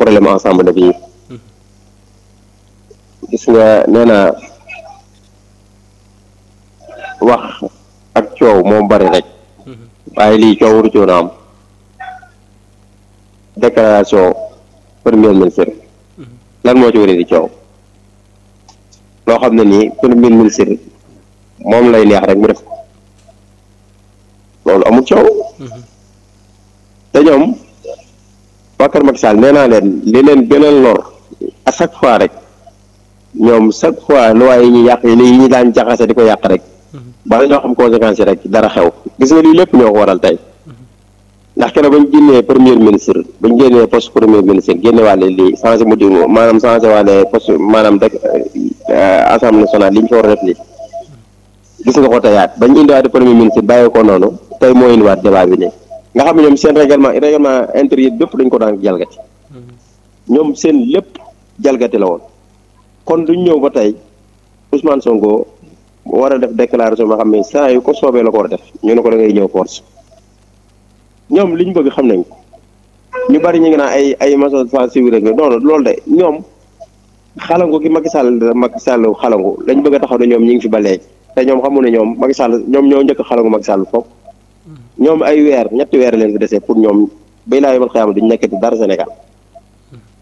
problème ensemble de vie gis nga nee wax ak coow moom bari rek waaye lii coow waru coono am déclaration premier ministre lan moo ci war di coow loo xam ne nii premier ministre moom lay neex rek mu def ko loolu amul coow mhm. te ñoom waa Kër Macky Sall nee naa leen li leen gën a lor à chaque fois rek ñoom chaque fois loi yi ñu yàq yi lii ñu daan jaxase di ko yàq rek bala ñoo xam conséquence yi rek dara xew gis nga lii lépp ñoo ko waral tey ndax keroog ba ñu génnee premier ministre ba ñu génnee poste premier ministre génne waale lii changé mu diw maanaam changé waale poste maanaam dëkk euh, assemblée nationale li ñu ko war a def lii gis nga ko teyaat ba ñu indiwaat premier ministre bàyyi ko noonu tey moo indiwaat débat nga xam ne ñoom seen règlement règlement intérieur bépp dañ ko daan jalgati mm-hmm. ñoom seen lépp jalgati la woon kon duñ ñëw ba tey Ousmane Sonko war a def déclaration boo xam ne saa yu ko soobee la ko war def ñu ne ko da ngay ñëw force ñoom liñ bëgg xam nañ ko ñu bari ñu ngi naan ay ay maçon sans civil rek non non loolu de ñoom xalangu gi Macky Sall Macky Sall xalangu lañ bëgg a taxaw ne ñoom ñu ngi fi ba léegi te ñoom xamu ne ñoom Macky Sall ñoom ñoo njëkk xalangu Macky Sall foofu ñoom ay weer ñetti weer leen fi desee pour ñoom bay laa yomal xayam duñu nekkati dara Sénégal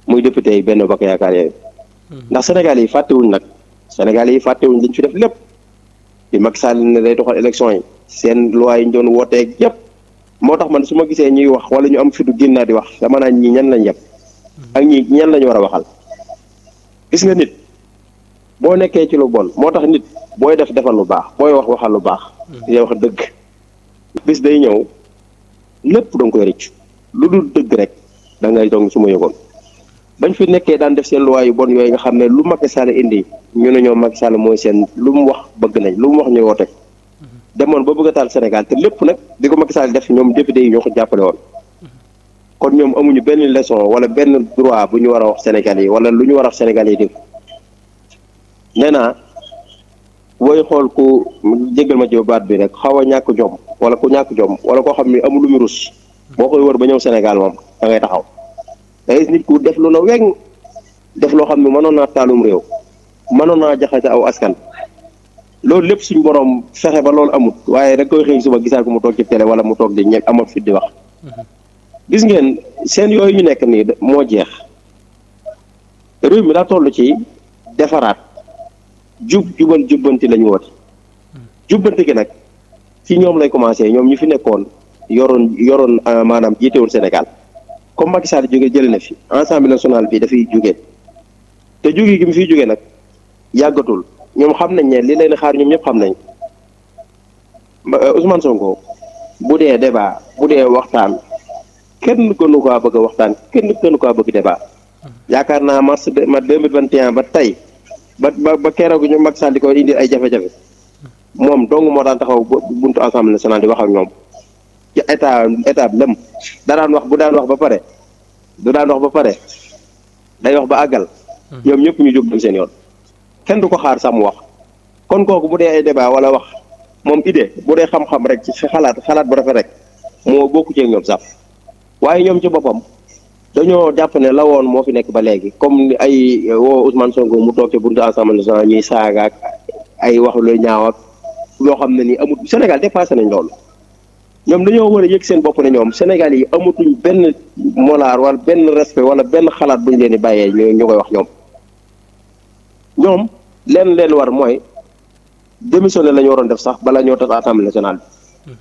muy député yi benn bokk yaakaar yooyu ndax Sénégal yi fàttewuñ nag senegal yi fàttewuñ liñ fi def lépp bi mag Sall ne day doxal élection yi seen loi yi ñu doon wootee yépp moo tax man su ma gisee ñuy wax wala ñu am fitu génnaa di wax dama naan ñii ñan lañ yëpp ak ñii ñan lañu war a waxal gis nga nit boo nekkee ci lu bon moo tax nit booy def defal lu baax booy wax waxal lu baax di mm. wax dëgg bis day ñëw lépp danga koy rëcc lu dul dëgg rek da ngay dong su ma yëgoon bañ fi nekkee daan def seen loi yu bon yooyu nga xam ne lu mag Sall indi ñu ne ñoo mag Sall mooy seen lu mu wax bëgg nañ lu mu wax ñu teg demoon ba bëgg taal Sénégal te lépp nag di ko Macky Sall def ñoom député yi ñoo ko jàppale woon kon ñoom amuñu benn leçon wala benn droit bu ñu war a wax Sénégal yi wala lu ñu war a wax Sénégal yi dégg nee naa booy xool ku jégal ma baat bi rek xaw a ñàkk jom wala ku ñàkk jom wala koo xam ni amul lu mu rus boo koy wër ba ñëw senegal moom da ngay taxaw da nit ku def lu na weñ def loo xam ne mënoon naa taalum réew mënoon naa jaxase aw askan loolu lépp suñu borom fexe ba loolu amut waaye rek koy xëy suba gisaat ko mu toog ci télé wala mu toog di ñe amat fit di wax gis ngeen seen yooyu ñu nekk nii moo jeex réew mi daa toll ci defaraat jub jubal jubbanti lañu woote jubbanti gi nag ci ñoom lay commencé ñoom ñu fi nekkoon yoroon yoroon euh, maanaam jiitewul Sénégal comme Macky Sall jóge jëlee na fi Assemblée nationale bi dafay jóge te jóge gi mu fi jóge nag yàggatul ñoom xam nañ ne li leen xaar ñoom ñëpp xam nañ euh, Ousmane Sonko bu dee débat bu dee waxtaan kenn gënu ko bëgg waxtaan kenn gënu ko bëgg debaa yaakaar naa mars ma 2021 ba tey ba ba ba keroog ñu Macky Sall di indi ay jafe-jafe moom dong moo daan taxaw buntu Assemblée nationale di wax ak ñoom ci état état bi lëm wax bu daan wax ba pare du wax ba pare day wax ba àggal. Hmm. ñoom ñëpp ñu jóg dem seen yoon. kenn du ko xaar sax wax kon kooku mu dee ay débat wala wax moom idée bu dee xam-xam rek ci xalaat xalaat bu rafet rek moo bokku ci ñoom sax waaye ñoom ci boppam. dañoo jàpp ne la woon moo fi nekk ba léegi comme ay euh, woo Ousmane Sonko mu toog ca buntu assemblée nationale ñuy saaga ak ay wax lu ñaaw ak loo xam ne nii amut Sénégal dépassé nañ loolu ñoom dañoo war a yëg seen bopp ne ñoom Sénégal yi amatuñ benn molaar wala benn respect wala benn xalaat bu ñu leen di bàyyee ñu koy wax ñoom ñoom leen leen war mooy démissionné la ñu waroon def sax balaa ñoo tas assemblée nationale bi mm-hmm.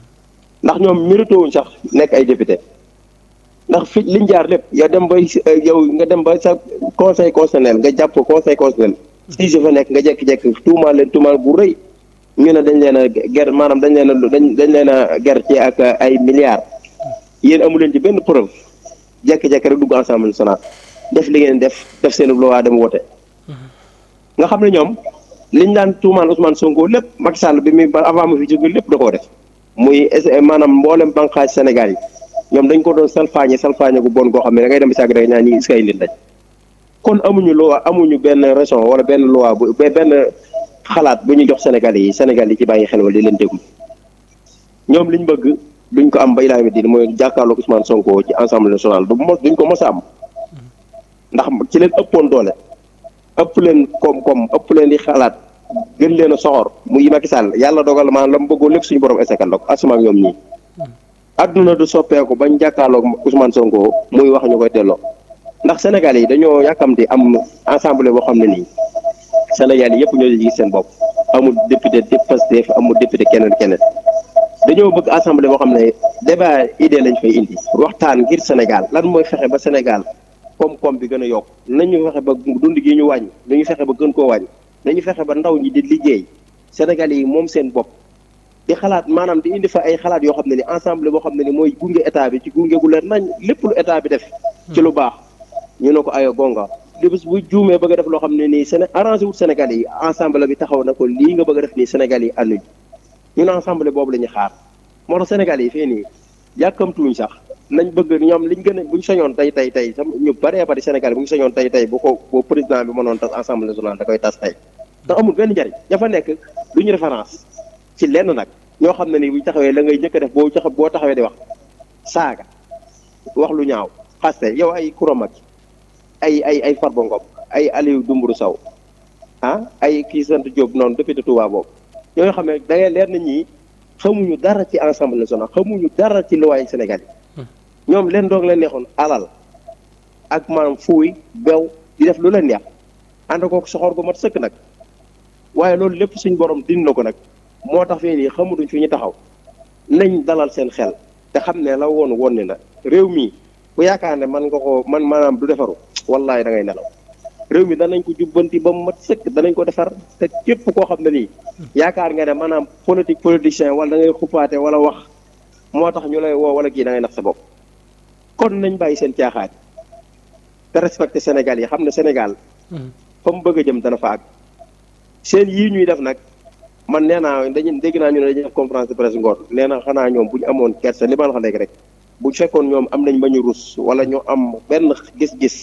ndax ñoom mérité wuñ sax nekk ay député ndax fi liñ jaar lépp yow dem bay eh, yow nga dem ba sa conseil nga jàpp conseil constitutionnel si je fa nekk nga jekk-jekk tuumaal leen tuumaal bu rëy ñu ne dañ leen a ger maanaam dañ leen a dañ dañ leen a ger ci ak eh, ay milliards yéen amu leen ci benn preuve jekk-jekk rek dugg ensemble national def li ngeen def def seen loi dem woote nga xam ne ñoom liñ daan tuumaal Ousmane Sonko lépp Macky Sall bi muy avant mu fi jóge lépp da koo def muy eh, maanaam mboolem banqaaj Sénégal yi ñoom dañ ko doon salfaañe salfaañe gu bon goo xam ne da dem si àgg rek ñaa ñi is kay lañ kon amuñu loi amuñu benn raison wala benn loi bu benn xalaat bu ñu jox Sénégal yi Sénégal yi ci bàyyi xel wala di leen déglu ñoom liñ bëgg duñ ko am ba ilaa mi di mooy jàkkaarloog Ousmane Sonko ci ensemble national du mos duñ ko mos a am ndax ci leen ëppoon doole ëpp leen koom-koom ëpp leen di xalaat gën leen a mu muy Macky Sall yàlla dogal maa la mu bëggoon lépp suñu borom essekal la ko asuma ak àdduna du soppeeku bañ jàkkaarloog Ousmane sonkoo muy wax ñu koy delloo ndax Sénégal yi dañoo yàkkamti am ensemble boo xam ne nii Sénégal yi yëpp ñoo ci seen bopp amul député de Pastef amul député keneen keneen dañoo bëgg assemblée boo xam ne débat idée lañ fay indi waxtaan ngir Sénégal lan mooy fexe ba Sénégal koom-koom bi gën a yokk nañu fexe ba dund gi ñu wàññi nañu fexe ba gën koo wàññi nañu fexe ba ndaw ñi di liggéey Sénégal yi moom seen bopp di xalaat maanaam di indi fa ay xalaat yoo xam ne ni ensemble boo xam ne ni mooy gunge état bi ci gu leer nañ lépp lu état bi def. lu baax ñu ne ko ayo gonga li bés juumee bëgg a def loo xam ne nii Séné arrangé wut Sénégal yi ensemble bi taxaw na ko lii nga bëgg def nii Sénégal yi ànduñ ñun ensemble boobu la ñuy xaar moo tax Sénégal yi fii nii yàkkamtuwuñ sax nañ bëgg ñoom liñ gën a buñ sañoon tey tey tey sam ñu bëree bëri Sénégal buñ sañoon tey tey bu ko bu président bi mënoon tas assemblée nationale da koy tas tey. ndax amul benn njariñ dafa fa nekk duñu référence ci lenn nag ñoo xam ne ni buñ taxawee la ngay njëkk a def boo tax taxawee di wax saaga wax lu ñaaw xaste yow ay kuramag ay ay ay farbo Ngom ay Aliou Dumburu saw ah ay kii sant Diop noonu député Touba boobu ñoo xam ne da leer na ñii xamuñu dara ci Assemblée nationale xamuñu dara ci luwaay Sénégal yi ñoom leen doog la neexoon alal ak maanaam fuuy bew di def lu la neex ànd kook soxoor ko mat sëkk nag waaye loolu lépp suñ borom din na ko nag moo tax fii nii xamutuñ fi ñu taxaw nañ dalal seen xel te xam ne la woon woon ni la réew mi bu yaakaar ne man nga ko man maanaam du defaru wallaay da ngay nelaw réew mi danañ ko jubbanti ba mu mat sëkk danañ ko defar te képp koo xam ne nii yaakaar nga ne maanaam politique politicien wala da ngay xuppaate wala wax moo tax ñu lay woo wala kii da ngay nax sa bopp kon nañ bàyyi seen caaxaat te respecté Sénégal yi xam ne Sénégal mm-hmm. fa mu bëgg a jëm dana fa àgg seen yii ñuy def nag man nee naa dañuy dégg naa ñu ne dañuy def conférence de presse ngoon nee na xanaa ñoom bu ñu amoon kersa li ma la wax léegi rek bu fekkoon ñoom am nañ bañu rus wala ñu am benn gis-gis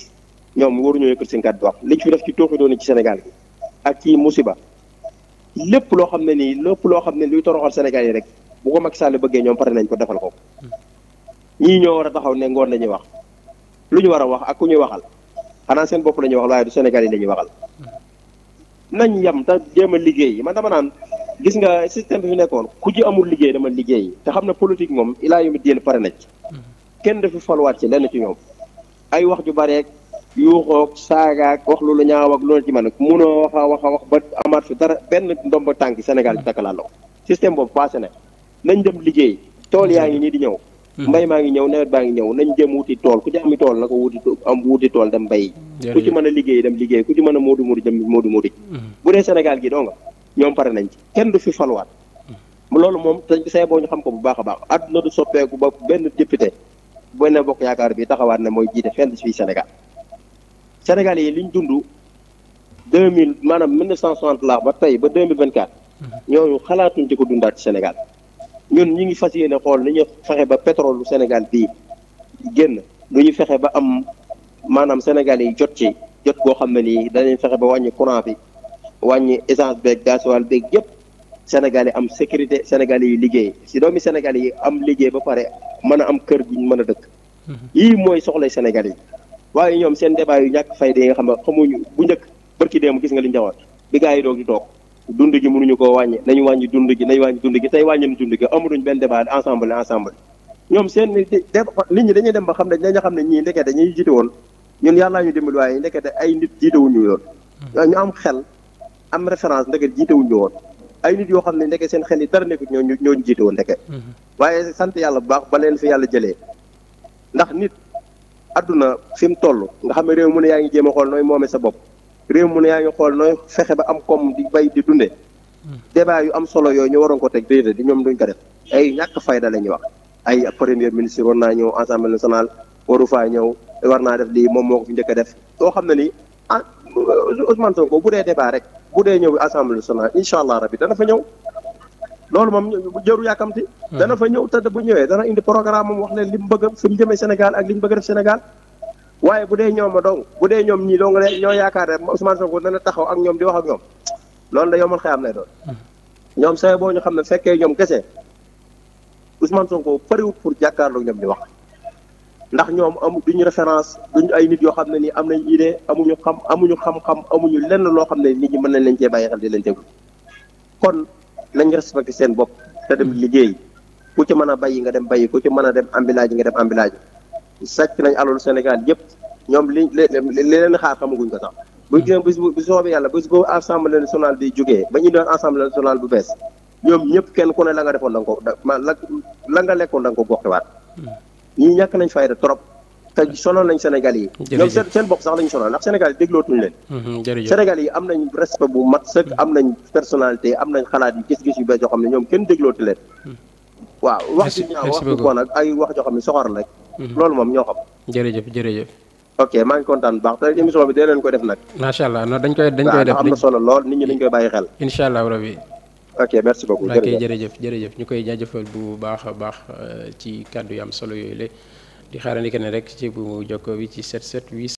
ñoom waruñoo yëkkat seen kàddu wax liñ fi def ci tooxi doon ci Sénégal bi ak ci musiba lépp loo xam ne nii lépp loo xam ne luy toroxal Sénégal yi rek bu ko Macky Sall bëggee ñoom pare nañ ko defal ko ñii ñoo war a taxaw ne ngoon lañuy wax lu ñu war a wax ak ku ñuy waxal xanaa seen bopp la ñuy wax waaye du Sénégal yi la ñuy waxal nañ yam te jéem a liggéey man dama naan gis nga système bi fi nekkoon ku ji amul liggéey dama liggéey te xam ne politique moom ilaa yu mu diin pare na ci kenn dafa faluwaat ci lenn ci ñoom ay wax ju bareek yuuxoog saagaak wax lu la ñaaw ak loolu ci man munoo wax a wax a wax ba amaat fi dara benn ndomba tànk Sénégal bi takkalaaloo système boobu passé na nañ dem liggéey tool yaa ngi nii di ñëw hmm. mbay maa ngi ñëw nawet baa ngi ñëw nañ jëm wuti tool ku ci ami tool la ko wuti am wuti tool dem mbay ku ci mën a liggéey dem liggéey ku ci mën a moodu moodu dem moodu moodu hmm. bu dee Sénégal gi doo ñoom pare nañ ci kenn du fi faluwaat loolu moom te say boo ñu xam ko bu baax a baax àdduna du soppeeku ba benn député benn bokk yaakaar bi taxawaat ne mooy jiite fenn fii Sénégal Sénégal yi liñ dund deux mille maanaam mille cent soixante la ba tey ba deux mille vingt quatre ñooñu xalaatuñ ci ko dundaat ci Sénégal ñun ñu ngi fas yéene xool ni ñu fexe ba pétrole lu Sénégal bii génn lu ñu fexe ba am maanaam Sénégal yi jot ci jot koo xam ne nii danañ fexe ba wàññi courant bi wàññi essence beeg gasoil beeg yëpp Sénégal yi am sécurité Sénégal yi liggéey si doomi Sénégal yi am liggéey ba pare mën a am kër guñ mën a dëkk. Mhm. yii mooy soxlay Sénégal yi waaye ñoom seen débat yu ñàkk fayda yi nga xam ne xamuñu bu njëkk barki démb gis nga li njawoon bi gaa yi toog dund gi mënuñu koo wàññi nañu wàññi dund gi nañu wàññi dund gi tey wàññi dund gi amuñu benn débat ensemble ensemble ñoom seen nit ñi dañuy dem ba xam ne dañu xam ne ñii ndekete ñuy jiite woon ñun yàllaa ñu dimbali waaye ndekete ay nit jiite wuñu yoon mhm. ñu am xel am référence ndeke jiitewuñu woon ay nit yoo xam ne ndeke seen xel yi dara nekkul ñoo ñooñu jiite woon ndeke mhm. waaye sant yàlla bu baax ba leen fi yàlla jëlee ndax nit adduna fi mu toll nga xam ne réew mu ne yaa ngi jéem a xool nooy moome sa bopp réew mu ne yaa ngi xool nooy fexe ba am koom di bay di dunde mhm. débat yu am solo yooyu ñu waroon ko teg déedéet di ñoom duñ ko def ay ñàkk fayda la ñuy wax ay premier ministre war naa ñëw assemblée nationale waru faa ñëw war naa def lii moom moo ko njëkk def soo xam ne ni ah Ousmane Sonko bu dee débat rek bu dee ñëw assemblée nationale incha allah rabi dana fa ñëw loolu moom jëru yàkkamti hmm. dana fa ñëw te bu ñëwee dana indi programme moom wax leen li mu bëgg fi mu jëmee Sénégal ak li mu bëgg def Sénégal waaye bu dee ñoom ma dong bu dee ñoom ñii dong ne ñoo yaakaar ne Ousmane Sonko dana taxaw ak ñoom di wax ak ñoom loolu da yomal xëyam lay doon hmm. ñoom say boo ñu xam ne fekkee ñoom kese Ousmane Sonko pariwut pour jàkkaarloo ñoom di wax ndax ñoom amu duñu référence duñu ay nit yoo xam ne nii am nañ idée amuñu xam amuñu xam-xam amuñu lenn loo xam ne nit ñi mën nañ leen cee bàyyi xel di leen déglu kon nañ respecté seen bopp te dem liggéey ku ci mën a bàyyi nga dem bàyyi ku ci mën a dem ambilaaji nga dem ambilaaji sàcc nañ alalu Sénégal yëpp ñoom li li leen xaar xamaguñ ko sax bu gën bis bu soobee yàlla bis bu assemblée nationale di jógee ba ñu doon assemblée nationale bu bees ñoom ñëpp kenn ku ne la nga defoon da nga ko la la nga lekkoon da nga ko goxewaat hmm. ñii ñàkk nañ fayda trop te sonal nañ Sénégal yi ñoom seen seen bopp sax lañu sonal ndax Sénégal yi déglootuñu leen mm-hmm, Sénégal yi am nañ respect bu mat sëkk am nañ personnalité am nañ xalaat yi gis-gis yu bees yoo xam ne ñoom kenn déglootu leen mm-hmm. waaw wax ju ñaaw wax ju bon ay wax joo xam ne soxor la mm-hmm. loolu moom ñoo xam jërëjëf jërëjëf ok maa ngi kontaan bu baax te émission bi dee leen ko def nag macha allah non dañ koy dañ koy def am na solo lool nit ñi dañ koy bàyyi xel incha allah rabbi ok merci beaucoup jërëjëf jërëjëf ñu koy jaajëfal bu baax a baax euh, ci kàddu yu am solo yooyu la di xaarandi ne rek ci bu jokkoo bi ci 77 8